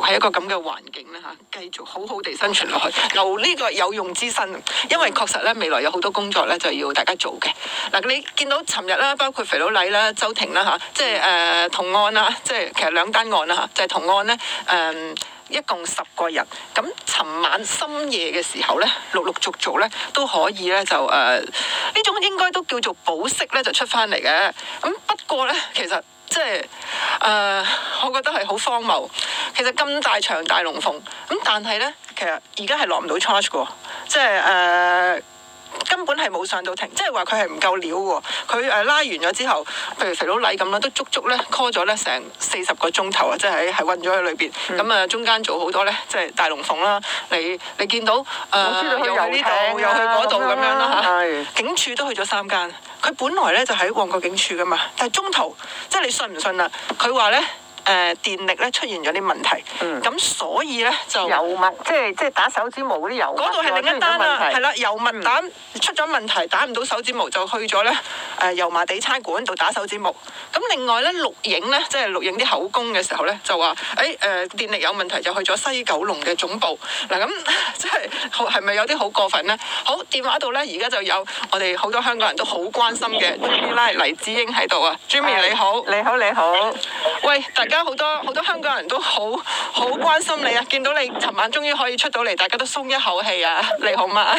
係一個咁嘅環境呢吓、啊，繼續好好地生存落去，留呢 個有用之身。因為確實咧，未來有好多工作呢就要大家做嘅。嗱、啊，你見到尋日啦，包括肥佬黎啦、周庭啦，吓、啊，即係誒、呃、同案啦、啊，即係其實兩單案啦，吓、啊，就係、是、同案呢，誒、呃，一共十個人。咁尋晚深夜嘅時候呢，陸陸續續呢都可以呢，就誒呢、呃、種應該都叫做保釋呢，就出返嚟嘅。咁不過呢，其實。即係誒、呃，我覺得係好荒謬。其實咁大場大龍鳳咁，但係咧，其實而家係落唔到 charge 喎。即係誒、呃，根本係冇上到庭，即係話佢係唔夠料喎。佢誒、呃、拉完咗之後，譬如肥佬黎咁啦，都足足咧 call 咗咧成四十個鐘頭啊，即係喺係韞咗喺裏邊。咁啊，嗯、中間做好多咧，即係大龍鳳啦。你你見到誒又、呃、去呢度又去嗰度咁樣啦嚇，警署都去咗三間。佢本來咧就喺、是、旺角警署㗎嘛，但係中途即係你信唔信啊？佢話咧。誒電力咧出現咗啲問題，咁所以咧就油墨，即係即係打手指模嗰啲油。嗰度係另一單啦，係啦，油墨打出咗問題，打唔到手指模就去咗咧誒油麻地差館度打手指模。咁另外咧錄影咧，即係錄影啲口供嘅時候咧，就話誒誒電力有問題，就去咗西九龍嘅總部。嗱咁即係係咪有啲好過分咧？好電話度咧，而家就有我哋好多香港人都好關心嘅師奶黎智英喺度啊，Jimmy 你好，你好你好，喂大家。好多好多香港人都好好關心你啊！見到你尋晚終於可以出到嚟，大家都鬆一口氣啊！你好嗎？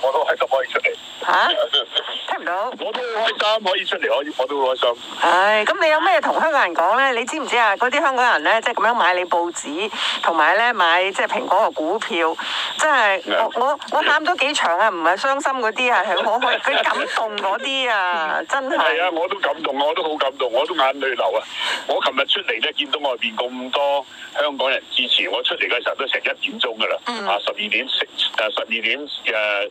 我都係咁樣出嚟。嚇！好，我都開心可以出嚟，可以我都好開心。係，咁你有咩同香港人講咧？你知唔知啊？嗰啲香港人咧，即係咁樣買你報紙，同埋咧買即係蘋果嘅股票，真係我我我喊咗幾場啊！唔係傷心嗰啲啊，係我佢感動嗰啲啊，真係。係啊，我都感動啊，我都好感動，我都眼淚流啊！我琴日出嚟咧，見到外邊咁多香港人支持我，出嚟嘅時候都成一點鐘噶啦，啊十二點十啊十二點誒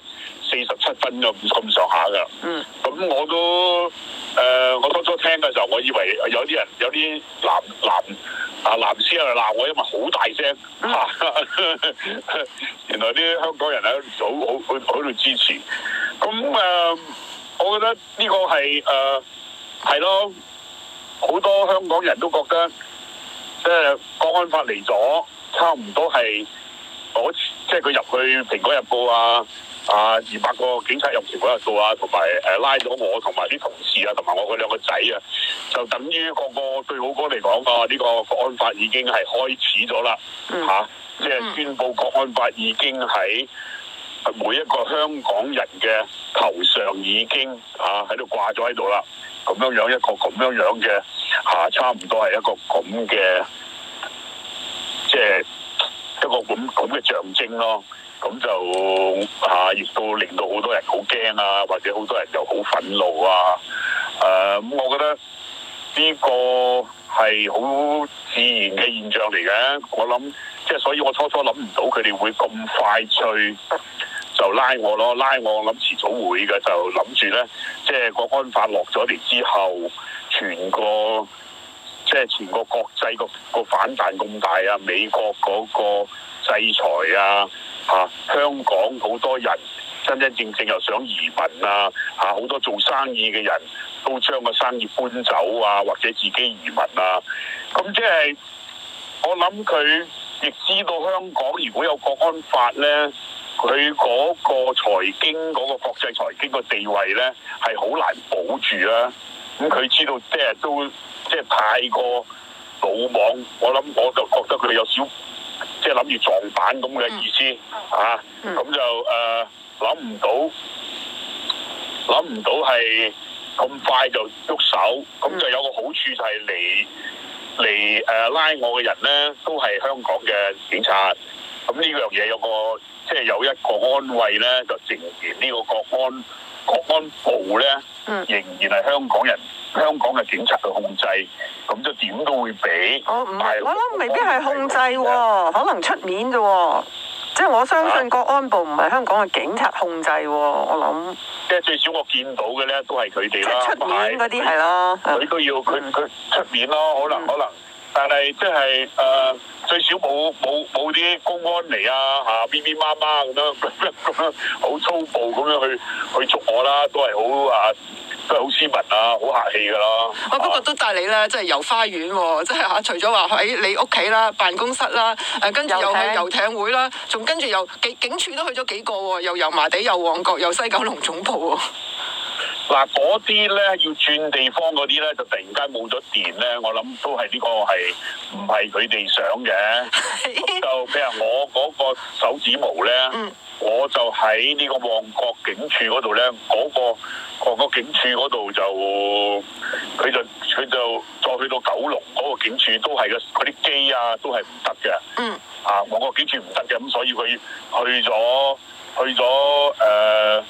四十七分咁咁上下噶。咁我都誒、呃，我初初聽嘅時候，我以為有啲人有啲男鬧啊鬧聲喺度鬧我，因為好大聲。原來啲香港人喺度好好喺度支持。咁誒、呃，我覺得呢個係誒係咯，好多香港人都覺得即係《國安法》嚟咗，差唔多係好。我即係佢入去蘋果日報啊！啊，二百個警察入蘋果日報啊！同埋誒，拉咗我同埋啲同事啊，同埋我嗰兩個仔啊，就等於個個對好哥嚟講啊，呢、這個國安法已經係開始咗啦吓！即、啊、係、就是、宣布國安法已經喺每一個香港人嘅頭上已經吓喺度掛咗喺度啦！咁樣樣一個咁樣樣嘅吓、啊，差唔多係一個咁嘅即係。一個咁咁嘅象徵咯，咁就嚇，亦、啊、都令到好多人好驚啊，或者好多人就好憤怒啊，誒、呃，咁我覺得呢個係好自然嘅現象嚟嘅。我諗即係所以我初初諗唔到佢哋會咁快脆就拉我咯，拉我諗遲早會嘅，就諗住咧，即係國安法落咗嚟之後，全個。即係全個國際個反彈咁大啊！美國嗰個制裁啊，嚇、啊、香港好多人真真正正又想移民啊，嚇、啊、好多做生意嘅人都將個生意搬走啊，或者自己移民啊。咁即係我諗佢亦知道香港如果有國安法呢，佢嗰個財經嗰、嗰個國際財經個地位呢，係好難保住啊！咁佢知道，即係都即係太過魯莽，我諗我就覺得佢哋有少即係諗住撞板咁嘅意思，啊，咁就誒諗唔到，諗唔到係咁快就喐手，咁就有個好處就係嚟嚟誒拉我嘅人咧，都係香港嘅警察，咁呢樣嘢有個即係有一個安慰咧，就證明呢個國安。國安部咧，嗯、仍然係香港人、香港嘅警察去控制，咁就點都會俾。我唔，我諗未必係控制喎，制可能出面啫喎。啊、即係我相信國安部唔係香港嘅警察控制喎，我諗。即係、啊、最少我見到嘅咧，都係佢哋啦，出面嗰啲係咯。佢是都要佢佢、嗯、出面咯，可能、嗯、可能。但係即係誒最少冇冇冇啲公安嚟，啊嚇咪咪媽媽咁樣咁樣好粗暴咁樣去去捉我啦，都係好啊都係好斯文啊，好客氣噶啦。啊不過都帶你啦，即係遊花園喎、啊，即係嚇除咗話喺你屋企啦、辦公室啦，誒、啊、跟住又去遊艇會啦，仲跟住又幾警警署都去咗幾個喎、啊，又油麻地、又旺角、又西九龍總部喎、啊。嗱，嗰啲咧要轉地方嗰啲咧，就突然間冇咗電咧，我諗都係呢個係唔係佢哋想嘅。 就譬如我嗰個手指模咧，嗯、我就喺呢個旺角警署嗰度咧，嗰、嗰個旺角警署嗰度就佢就佢就再去到九龍嗰個警署都係嘅，嗰啲機啊都係唔得嘅。嗯，啊，旺角警署唔得嘅，咁所以佢去咗。去咗誒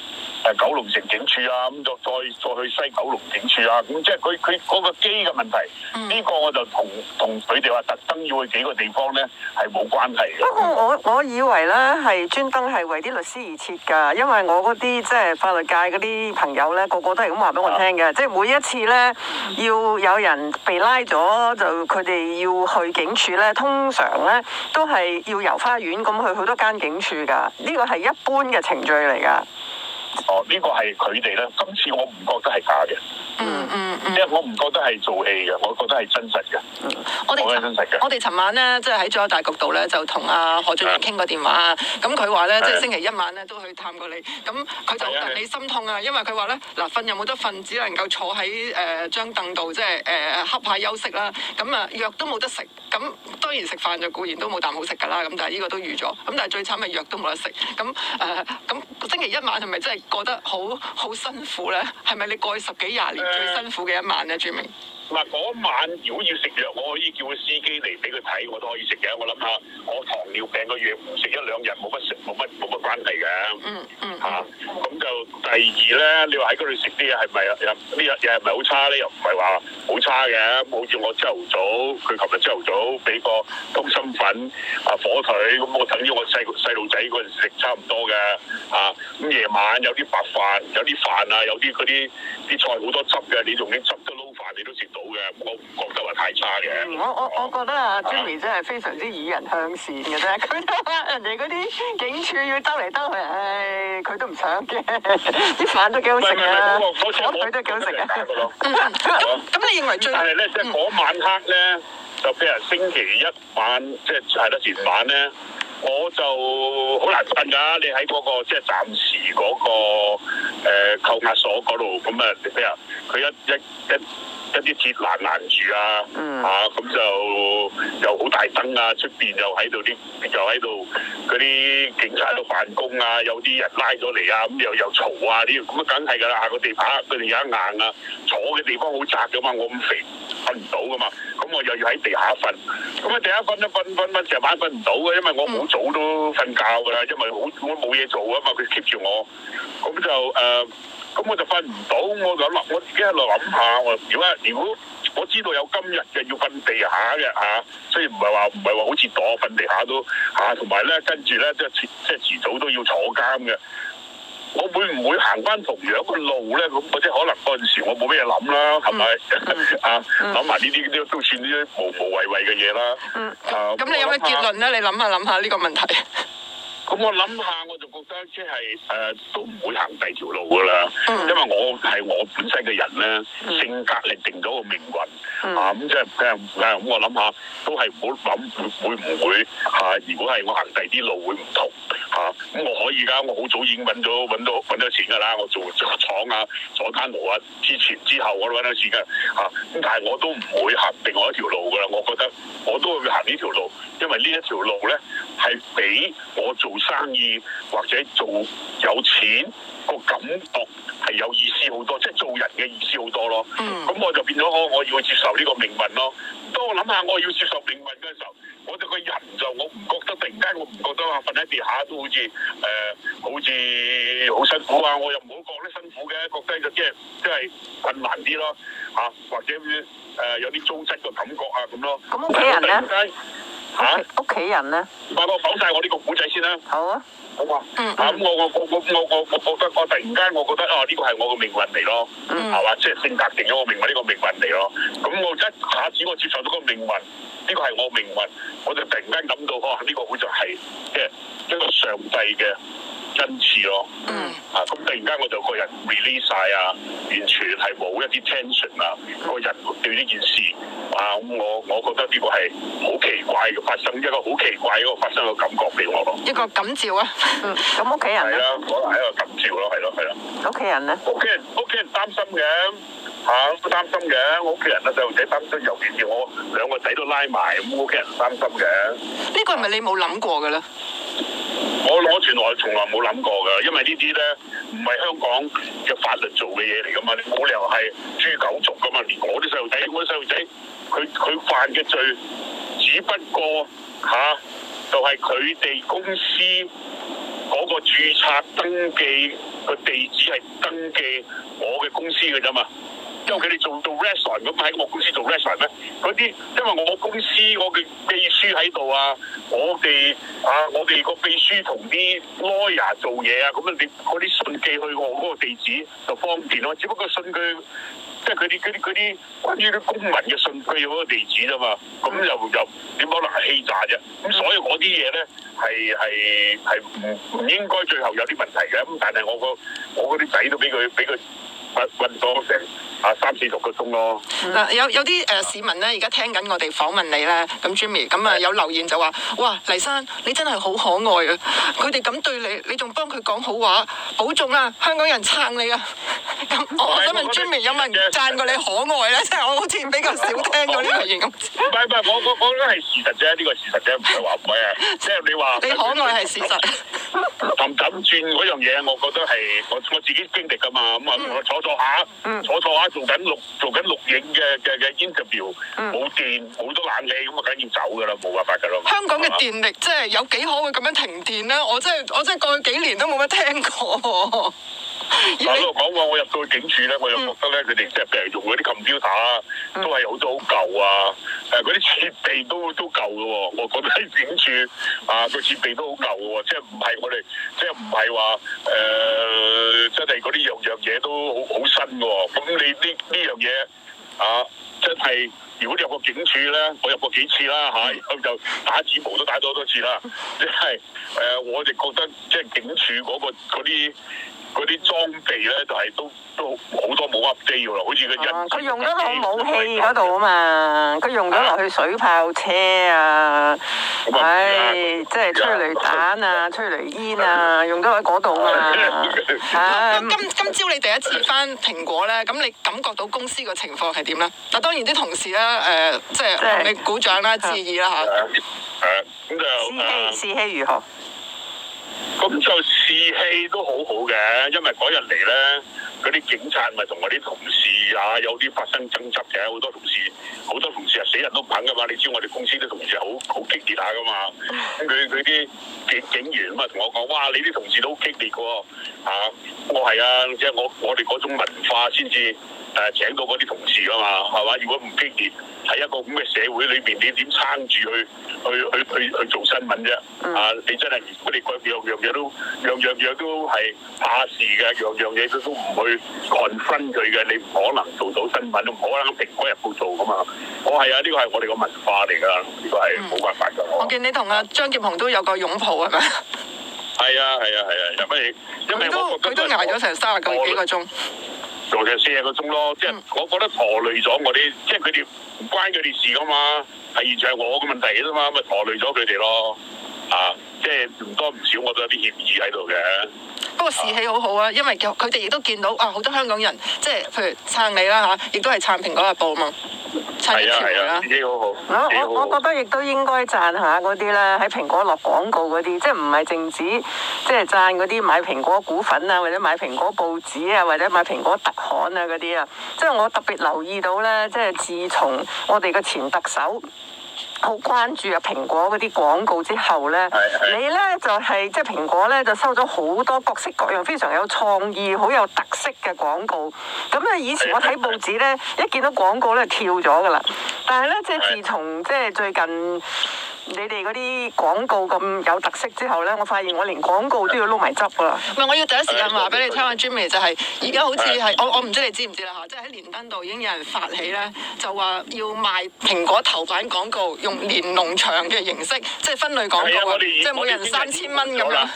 誒九龍城警署啊，咁就再再去西九龍警署啊，咁即係佢佢嗰個機嘅問題，嗯、呢個我就同同佢哋話特登要去幾個地方咧，係冇關係嘅。嗯、不過我我以為咧係專登係為啲律師而設噶，因為我嗰啲即係法律界嗰啲朋友咧，個個都係咁話俾我聽嘅，嗯、即係每一次咧要有人被拉咗，就佢哋要去警署咧，通常咧都係要遊花園咁去好多間警署噶，呢個係一。般嘅程序嚟噶。哦，這個、呢個係佢哋咧。今次我唔覺得係假嘅，嗯嗯嗯，hmm. 因為我唔覺得係做戲嘅，我覺得係真實嘅們、啊。我哋真實嘅。我哋尋晚咧，即係喺咗中央大局度咧，就同阿何俊仁傾過電話啊。咁佢話咧，呢嗯、即係星期一晚咧都去探過你。咁佢就戥你心痛啊，因為佢話咧，嗱、呃，瞓又冇得瞓，只能夠坐喺誒張凳度，呃、état, 即係誒瞌下休息啦。咁、嗯、啊，藥都冇得食。咁、嗯、當然食飯就固然都冇啖好食噶啦。咁但係呢個都預咗。咁但係最慘係藥都冇得食。咁誒，咁星期一晚係咪真係、就？是覺得好好辛苦咧，係咪你過去十幾廿年最辛苦嘅一晚咧？朱明。嗱，嗰晚如果要食藥，我可以叫個司機嚟俾佢睇，我都可以食嘅。我諗下，我糖尿病個藥唔食一兩日冇乜食，冇乜冇乜關係嘅。嗯嗯嚇，咁就第二咧，你話喺嗰度食啲嘢係咪又呢日嘢係咪好差咧？又唔係話好差嘅。好似我朝頭早，佢琴日朝頭早俾個通心粉啊火腿，咁我等於我細細路仔嗰陣食差唔多嘅。啊咁夜晚有啲白飯，有啲飯啊，有啲啲啲菜好多汁嘅，你仲要汁嘅你都食到嘅，我唔覺得話太差嘅。我我我覺、啊、得阿 Jimmy 真係非常之以人向善嘅啫，佢都下人哋嗰啲警署要兜嚟兜去，唉、哎，佢都唔想嘅，啲 飯都幾好食啊，嗰、那個火腿都幾好食啊。咁你認為最？係咧，即係嗰晚黑咧，就譬如星期一晚，即係喺得前晚咧。嗯我就好難瞓㗎，你喺嗰個即係暫時嗰個誒、呃、扣押所嗰度，咁啊咩啊，佢一一一。一一一啲鐵欄攔住啊，嚇咁就又好大燈啊，出邊又喺度啲，又喺度嗰啲警察喺度辦公啊，有啲人拉咗嚟啊，咁又又嘈啊啲，咁啊梗係㗎啦，下個地下，佢哋而家硬啊，坐嘅地方好窄噶嘛，我咁肥瞓唔到噶嘛，咁我又要喺地下瞓，咁啊地下瞓都瞓，瞓瞓成晚瞓唔到嘅，因為我好早都瞓覺㗎啦，因為好我冇嘢做啊嘛，佢 keep 住我，咁就誒。咁我就瞓唔到，我就諗，我自己喺度諗下，我點啊？如果我知道有今日嘅，要瞓地下嘅吓，所以唔係話唔係話好似躲瞓地下都吓，同埋咧跟住咧即係即係遲早都要坐監嘅。我會唔會行翻同樣嘅路咧？咁我即係可能嗰陣時我冇咩嘢諗啦，係咪啊？諗埋呢啲都算啲無無謂謂嘅嘢啦。嗯。咁你有咩結論咧？你諗下諗下呢個問題。 咁我諗下，我就覺得即係誒、呃，都唔會行第二條路噶啦，嗯、因為我係我本身嘅人咧，嗯、性格嚟定咗個命運、嗯、啊，咁即係誒誒，咁、嗯、我諗下都係唔好諗會唔會吓、啊？如果係我行第二啲路會唔同吓？咁、啊嗯、我可以而我好早已經揾咗到揾到，到錢噶啦，我做做廠啊、做間屋啊，之前之後我都揾到錢嘅吓，咁、啊、但係我都唔會行另外一條路噶啦，我覺得我都會行呢條路，因為呢一條路咧係畀我做。做生意或者做有錢、個感覺係有意思好多，即係做人嘅意思好多咯。咁、mm. 我就變咗我我要接受呢個命運咯。當我諗下我要接受命運嘅時候，我就個人就我唔覺得突然間我唔覺得啊，瞓喺地下都好似誒、呃，好似好辛苦啊。我又唔好覺得辛苦嘅，覺得就即係即係困難啲咯。吓、啊、或者誒、就是呃、有啲糟質嘅感覺啊咁咯。咁屋企人咧？吓，屋企人咧，唔係我講晒我呢個古仔先啦。好啊，好啊。嗯咁、嗯、我我我我我我我覺得我突然間我覺得哦呢、這個係我嘅命運嚟咯，係嘛，嗯？即係性格定咗我命運呢、這個命運嚟咯。咁我一下子我接受到個命運，呢、這個係我命運，我就突然間感到話呢、哦，這個好似就係即係一個上帝嘅。真次咯，嗯、啊咁突然間我就個人 release 晒啊，完全係冇一啲 tension 啊，個人對呢件事啊，咁我我覺得呢個係好奇怪發生，一個好奇怪嘅發生嘅感覺俾我咯，一個感召啊，咁屋企人係啦，可能、啊、一個感召咯，係咯、啊，係啦、啊。屋企人咧？屋企人屋企人擔心嘅，吓、啊，擔心嘅，屋企人咧細路仔擔心，尤其是我兩個仔都拉埋，咁屋企人擔心嘅。呢、嗯呢個係咪你冇諗過嘅咧？我攞錢我係從來冇諗過噶，因為呢啲咧唔係香港嘅法律做嘅嘢嚟噶嘛，你冇理由係豬狗族噶嘛。連我啲細路仔，我啲細路仔，佢佢犯嘅罪只不過吓、啊、就係佢哋公司嗰個註冊登記個地址係登記我嘅公司嘅啫嘛。即係佢哋做到 retainer 咁喺我公司做 retainer 咩？嗰啲，因為我公司我嘅秘書喺度啊，我哋啊，我哋個秘書同啲 lawyer 做嘢啊，咁啊，你嗰啲信寄去我嗰個地址就方便咯。只不過信佢，即係佢哋嗰啲啲關於啲公民嘅信，佢要嗰個地址啫嘛。咁又又點可能係欺詐啫？咁所以我啲嘢咧係係係唔唔應該最後有啲問題嘅。咁但係我個我嗰啲仔都俾佢俾佢運運到成。啊，三四六個鐘咯。嗱、嗯啊，有有啲誒、呃、市民咧，而家聽緊我哋訪問你咧，咁 Jimmy 咁啊有留言就話，哇，黎生，你真係好可愛啊！佢哋咁對你，你仲幫佢講好話，保重啊！香港人撐你啊！咁，我，我想問 Jimmy 有冇人讚過你可愛咧？即係我好似比較少聽嗰啲留言咁。唔係唔係，我我我覺得係事實啫，呢個事實啫，唔係話唔係啊。即係你話，你可愛係事實。氹氹轉嗰樣嘢，我覺得係我我自己經歷㗎嘛。咁、嗯、啊，我坐坐下，坐下坐下。坐下坐下做緊錄，做緊錄影嘅嘅嘅 interview，冇、嗯、電好多冷氣咁啊，梗要走噶啦，冇辦法噶咯。香港嘅電力吧即係有幾可會咁樣停電咧？我真係，我真係過去幾年都冇乜聽過。 嗱，我講話，我入到去警署咧，我又覺得咧，佢哋即係用嗰啲 computer 都係好多好舊啊！誒、嗯，嗰啲、啊、設備都都舊嘅喎、哦，我覺得喺警署啊，個設備都好舊嘅喎、哦，即係唔係我哋，即係唔係話誒，真係嗰啲樣樣嘢都好好新嘅喎。咁你呢呢樣嘢啊，即係，如果你入過警署咧，我入過幾次啦吓，然、啊嗯、就打指模都打咗好多次啦、就是呃，即係誒，我哋覺得即係警署嗰、那個嗰啲。那個嗰啲裝備咧就係都都好多武俠機喎，好似個人，佢用咗落武器嗰度啊嘛，佢用咗落去水炮車啊，唉、啊，即係催淚彈啊、催淚煙啊，啊用咗喺嗰度啊嘛，嚇、啊！嗯嗯、今今朝你第一次返蘋果咧，咁你感覺到公司個情況係點咧？嗱，當然啲同事咧、啊，誒、呃，即係你鼓掌啦、致意啦咁就氣士氣如何？Receive，啊咁就士氣都好好嘅，因為嗰日嚟咧，嗰啲警察咪同我啲同事啊，有啲發生爭執嘅，好多同事，好多同事啊，死人都唔肯噶嘛，你知我哋公司啲同事好好激烈下噶嘛，咁佢佢啲警警員咁啊同我講，哇，你啲同事都好激烈噶喎，啊，我係啊，即係我我哋嗰種文化先至。誒請到嗰啲同事啊嘛，係嘛？如果唔堅練，喺一個咁嘅社會裏邊，你點撐住去去去去去做新聞啫？嗯、啊，你真係如果你個樣各樣各樣，各樣都樣樣嘢都係怕事嘅，各樣各樣嘢都唔去幹分佢嘅，你唔可能做到新聞，唔、嗯、可能喺《蘋果日報》做噶嘛？我、哦、係啊，呢個係我哋個文化嚟噶，呢個係冇辦法噶、嗯。我見你同阿張劍虹都有個擁抱啊？係咪、 啊？係啊係啊係啊！因為因為我佢也都佢都捱咗成三十幾個鐘。做成四十個鐘咯，嗯、即係我覺得拖累咗我啲，即係佢哋唔關佢哋事噶嘛，係完全我嘅問題嘅啫嘛，咪拖累咗佢哋咯，啊，即係唔多唔少我都有啲歉意喺度嘅。嗯、不過士氣好好啊，因為佢哋亦都見到啊，好多香港人即係譬如撐你啦嚇，亦、啊、都係撐蘋果日報啊嘛。係啊係啊，自己好好，好好，我我覺得亦都應該讚下嗰啲咧，喺蘋果落廣告嗰啲，即係唔係淨止即係讚嗰啲買蘋果股份啊，或者買蘋果報紙啊，或者買蘋果特刊啊嗰啲啊，即係我特別留意到咧，即係自從我哋個前特首。好關注啊！蘋果嗰啲廣告之後呢，的你呢就係即係蘋果呢就收咗好多各式各樣非常有創意、好有特色嘅廣告。咁咧以前我睇報紙呢，的一見到廣告呢，跳咗噶啦。但係呢，即係自從即係最近。你哋嗰啲廣告咁有特色之後呢，我發現我連廣告都要撈埋汁㗎啦。唔係、嗯，我要第一時間話俾你聽啊，Jimmy 就係而家好似係、嗯、我我唔知你知唔知啦嚇，即係喺連登度已經有人發起呢，就話要賣蘋果頭版廣告，用連儂牆嘅形式，即、就、係、是、分類廣告即係每人三千蚊咁樣。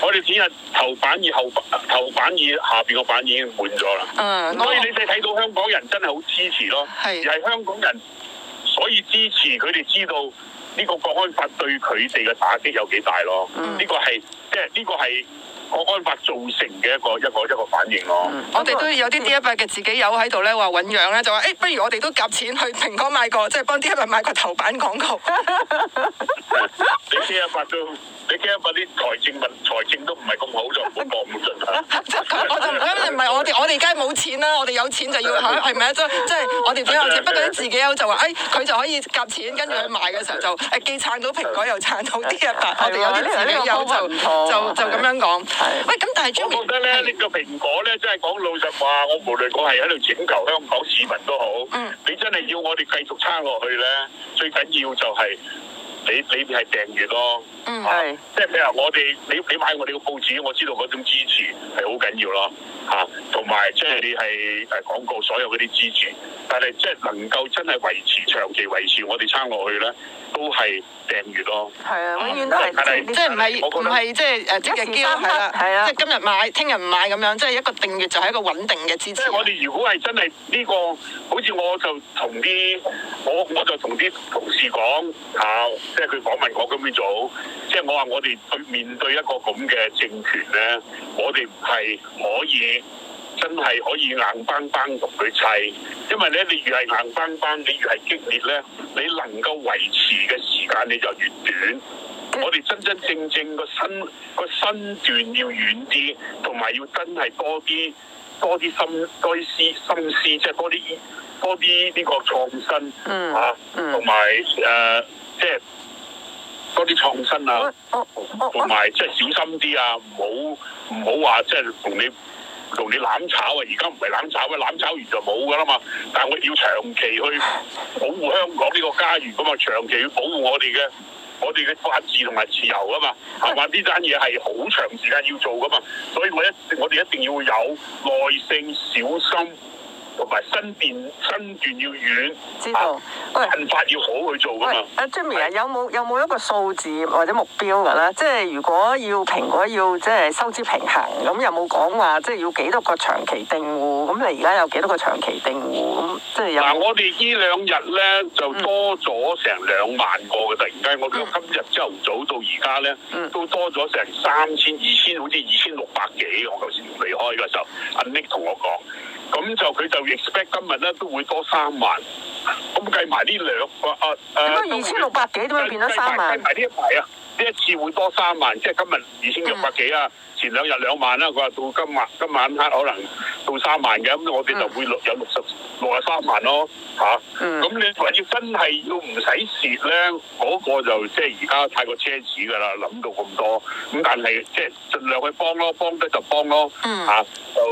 我哋只係頭版以後版頭版以下邊個版已經滿咗啦。嗯、所以你哋睇到香港人真係好支持咯，而係香港人所以支持佢哋知道。呢個國安法對佢哋嘅打擊有幾大咯？呢、嗯、個係即係呢個係國安法造成嘅一個一個一個反應咯。我哋都有啲 D 一八嘅自己友喺度咧，話揾樣咧，就話、是、誒，不、哎、如我哋都夾錢去蘋果買個，即係幫 D 一八買個頭版廣告。 你 D 一八都，你 D 一八啲財政問財政都唔係咁好，就搏唔盡。我哋梗係冇錢啦，我哋有錢就要嚇，係咪啊？即即係我哋畀我錢， 不過啲自己有就話，哎佢就可以夾錢，跟住去買嘅時候就誒既撐到蘋果又撐到啲嘢發， 我哋有啲自己又就 就 就咁樣講。 喂，咁但係我覺得咧呢個蘋果咧，真係講老實話，我無論我係喺度拯救香港市民都好， 嗯、你真係要我哋繼續撐落去咧，最緊要就係、是。你呢邊係訂閱咯，嚇，即係譬如我哋你你買我哋個報紙，我知道嗰種支持係好緊要咯，嚇、啊，同埋即係你係誒廣告所有嗰啲支持，但係即係能夠真係維持長期維持我哋撐落去咧，都係訂閱咯。係啊，永遠都係即係唔係唔係即係誒即日結啦，係啦，即係今日買聽日唔買咁樣，即、就、係、是、一個訂閱就係一個穩定嘅支持。嗯、我哋如果係真係呢、這個，好似我就同啲我我就同啲同事講，嚇、啊。即係佢訪問我咁樣做，即係我話我哋去面對一個咁嘅政權咧，我哋唔係可以真係可以硬邦邦同佢砌，因為咧你越係硬邦邦，你越係激烈咧，你能夠維持嘅時間你就越短。我哋真真正正個身個身段要遠啲，同埋要真係多啲多啲心多啲思心思，即係多啲多啲呢個創新嚇，同埋誒即係。多啲創新啊，同埋即係小心啲啊，唔好唔好話即係同你同你攬炒啊！而家唔係攬炒，啊，攬炒完就冇噶啦嘛。但係我哋要長期去保護香港呢個家園，咁嘛，長期要保護我哋嘅我哋嘅法治同埋自由啊嘛，係嘛？呢單嘢係好長時間要做噶嘛，所以我一我哋一定要有耐性、小心。同埋身段新段要遠，知道，進發要好去做噶嘛？阿 Jimmy 喂是啊，Jimmy，有冇有冇一個數字或者目標㗎咧？即、就、係、是、如果要平，如果要即係收支平衡，咁有冇講話即係要幾多個長期訂戶？咁你而家有幾多個長期訂戶？咁都有，有。嗱、啊，我哋依兩日咧就多咗成兩萬個嘅，嗯、突然間我哋今日朝頭早到而家咧，嗯、都多咗成三千二千，好似二千六百幾。我頭先離開嗰陣，阿 Nick 同我講。咁就佢就 expect 今日咧都會多三萬。咁計埋呢兩個，誒，二千六百幾都會變咗三萬？計埋呢一排啊，呢一次會多三萬，嗯、即係今日二千六百幾啊，嗯、前兩日兩萬啦，佢話到今日，今晚黑可能到三萬嘅，咁我哋就會六、嗯、有六十六啊三萬咯，吓、啊，咁、嗯、你話要真係要唔使蝕咧，嗰、嗰個就即係而家太過奢侈噶啦，諗到咁多，咁但係即係盡量去幫咯，幫得就幫咯，吓、啊，就、嗯啊啊、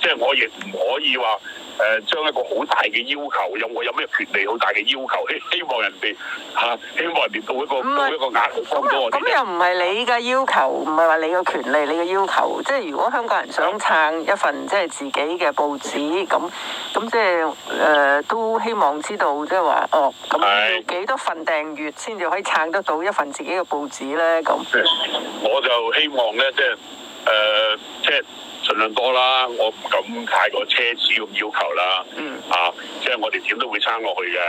即係我亦唔可以話。誒、啊、將一個好大嘅要求，有冇有咩權利好大嘅要求，希希望人哋嚇、啊、希望人哋到一個、嗯、到一個額度幫到我，咁又唔係你嘅要求，唔係話你嘅權利，你嘅要求即係如果香港人想撐一份所以 即係自己嘅報紙咁，咁即係誒都希望知道即係話哦，咁要幾多份訂閱先至可以撐得到一份自己嘅報紙咧？咁，我就希望咧，即係誒、呃、即。儘量多啦，我唔敢太過奢侈咁要求啦。嗯，啊，即係我哋點都會撐落去嘅。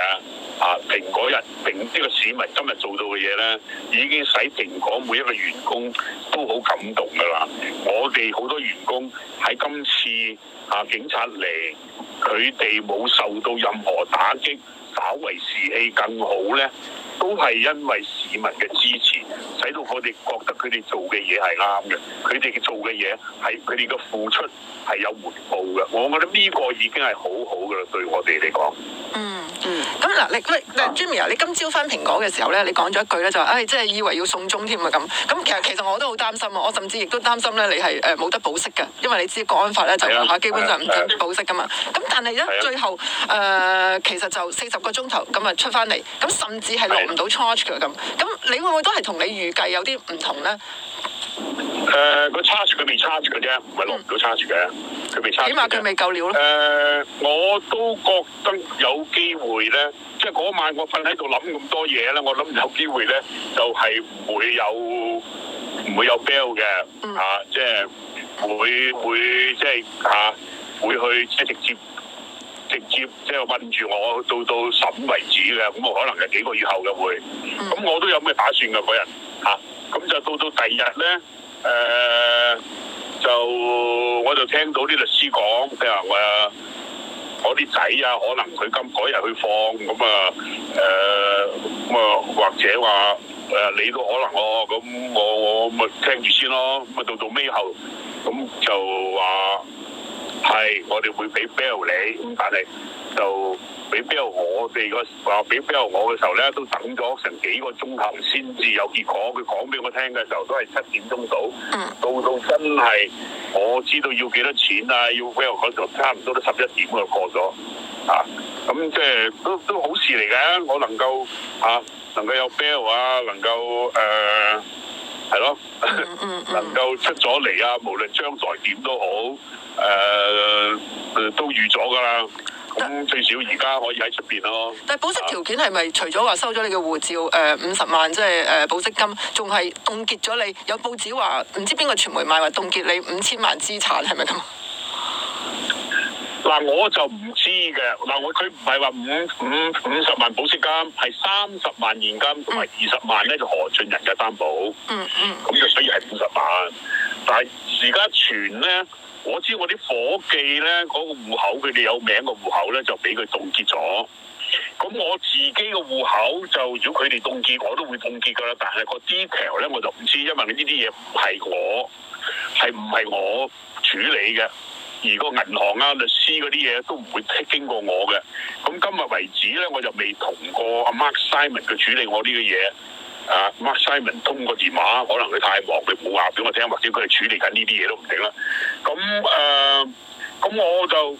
啊，蘋果人蘋呢個市民今日做到嘅嘢咧，已經使蘋果每一個員工都好感動噶啦。嗯、我哋好多員工喺今次啊，警察嚟，佢哋冇受到任何打擊，稍為士氣更好咧。都係因為市民嘅支持，使到我哋覺得佢哋做嘅嘢係啱嘅。佢哋做嘅嘢係佢哋嘅付出係有回報嘅。我覺得呢個已經係好好嘅啦，對我哋嚟講。嗯。嗱，你喂，Jimmy，你今朝翻蘋果嘅時候咧，你講咗一句咧，就話，唉、哎，即係以為要送終添啊咁。咁其實其實我都好擔心啊，我甚至亦都擔心咧，你係誒冇得保釋嘅，因為你知國安法咧就嚇，的基本上唔得的保釋噶嘛。咁的但係咧，的最後誒、呃、其實就四十個鐘頭咁啊出翻嚟，咁甚至係落唔到 charge 嘅咁。咁的你會唔會都係同你預計有啲唔同咧？誒、個、呃、charge 佢未 charge 嘅啫，唔係落唔到 charge 嘅，佢未 charge。起碼佢未夠料。誒，我都覺得有機會咧，即係嗰晚我瞓喺度諗咁多嘢咧，我諗有機會咧就係、是、會有唔會有 bell 嘅，吓、嗯啊，即係會會即係吓、啊、會去即係直接直接即係問住我到到審為止嘅，咁我可能係幾個月後嘅會。咁、嗯、我都有咩打算噶嗰日，吓，咁、啊、就到到第二日咧。誒、uh，就我就聽到啲律師講，佢話誒我啲仔啊，可能佢今嗰日去放，咁啊誒咁啊，或者話誒、啊、你都可能咯、啊，咁、嗯、我我咪聽住先咯，咪到到尾後咁、嗯、就話。啊係，我哋會俾 bell 你，咁但係就俾 bell 我哋話俾 bell 我嘅時候咧，都等咗成幾個鐘頭先至有結果。佢講俾我聽嘅時候都係七點鐘到，到到真係我知道要幾多錢啊，要 bell 嗰時候差唔多都十一點就過咗啊，咁、嗯、即係都都好事嚟嘅。我能夠啊，能夠有 bell 啊，能夠誒係、呃、咯，能夠出咗嚟啊，無論將來點都好。誒、呃，都預咗噶啦，咁但最少而家可以喺出邊咯。但係保釋條件係咪除咗話收咗你嘅護照，誒五十萬即係誒保釋金，仲係凍結咗你？有報紙話唔知邊個傳媒買話凍結你五千萬資產，係咪咁？嗱，我就唔知嘅。嗱，我佢唔係話五五五十萬保釋金，係三十萬現金同埋二十萬咧就何俊仁嘅擔保。嗯嗯。咁、嗯、就、嗯、所以係五十萬。但係而家傳咧，我知我啲伙計咧，嗰個戶口佢哋有名個戶口咧就俾佢凍結咗。咁我自己個戶口就如果佢哋凍結，我都會凍結噶啦。但係個 detail 咧我就唔知，因為呢啲嘢唔係我係唔係我處理嘅。而個銀行啊、律師嗰啲嘢都唔會經過我嘅。咁今日為止咧，我就未同過阿 Mark Simon 嘅處理我呢個嘢。啊、uh，Mark Simon 通過電話，可能佢太忙，佢冇話俾我聽，或者佢處理緊呢啲嘢都唔定啦。咁誒，咁我就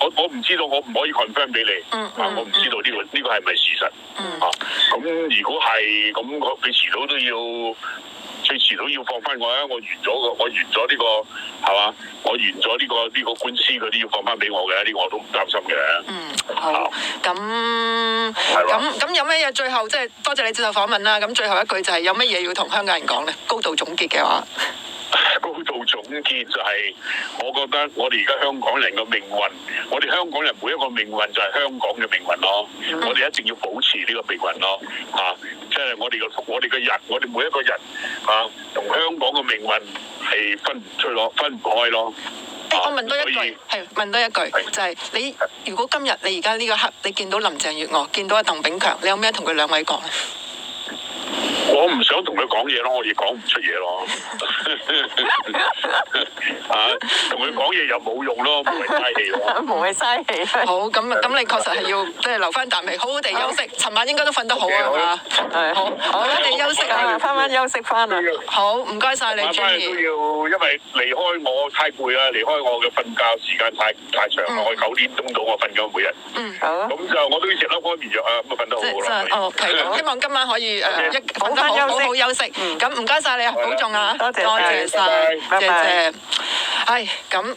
我我唔知道，我唔可以 confirm 俾你。嗯。啊、嗯，我唔知道呢個呢個係咪事實？嗯。啊、嗯，咁如果係，咁佢遲早都要。最遲都要放翻我啊！我完咗我完咗呢個係嘛？我完咗呢個呢個官司，佢都要放翻俾我嘅，呢個我都唔擔心嘅。嗯，好。咁，咁咁係嘛？有咩嘢？最後即係多謝你接受訪問啦。咁最後一句就係有咩嘢要同香港人講咧？高度總結嘅話，高度總結就係我覺得我哋而家香港人嘅命運，我哋香港人每一個命運就係香港嘅命運咯。嗯、我哋一定要保持呢個命運咯。啊。即係我哋嘅，我哋嘅人，我哋每一個人啊，同香港嘅命運係分唔出咯，分唔開咯。誒、欸，啊、我問多一句，係所以問多一句，係就係你如果今日你而家呢個刻，你見到林鄭月娥，見到阿鄧炳強，你有咩同佢兩位講咧？唔想同佢講嘢咯，我亦講唔出嘢咯。啊，同佢講嘢又冇用咯，冇謂嘥氣咯。冇謂嘥氣。好，咁咁你確實係要即係留翻啖氣，好好地休息。尋晚應該都瞓得好啦。係。好，好好地休息啊，翻翻休息翻啊。好，唔該曬你。翻翻都要，因為離開我太攰啦，離開我嘅瞓覺時間太太長。我九點鐘到我瞓覺每日。嗯，好。咁就我都要食粒安眠藥啊，咁啊瞓得好好啦。即係哦，希望今晚可以誒，講翻一。好好休息，咁唔該晒你啊，保重啊，多謝多謝晒，謝謝，唉，咁。